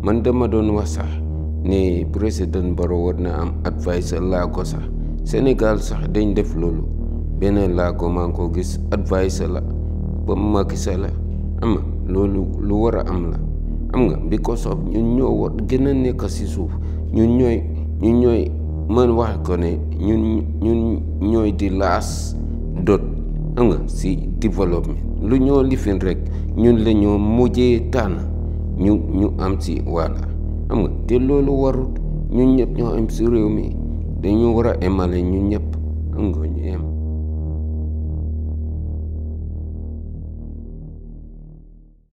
man dama doon wax sax ne président Barrow war na am adviser laago sax Sénégal sax dañ def loolu beneen laago maa ngi koo gis adviser la ba Macky Sall la ama loolu lu war a am la am nga because of ñun ñoo war gën a nekk si suuf ñun ñooy ñun ñooy man wax ko ne ñun ñun ñooy di laas dot am nga si développement lu ñoo lifin rek ñun lañu ñoo mujjee tànn ñu ñu am si wàlla xam nga te loolu warut ñun ñëpp ñoo am si réew mi dañu war a émale ñun ñëpp nga ñu yem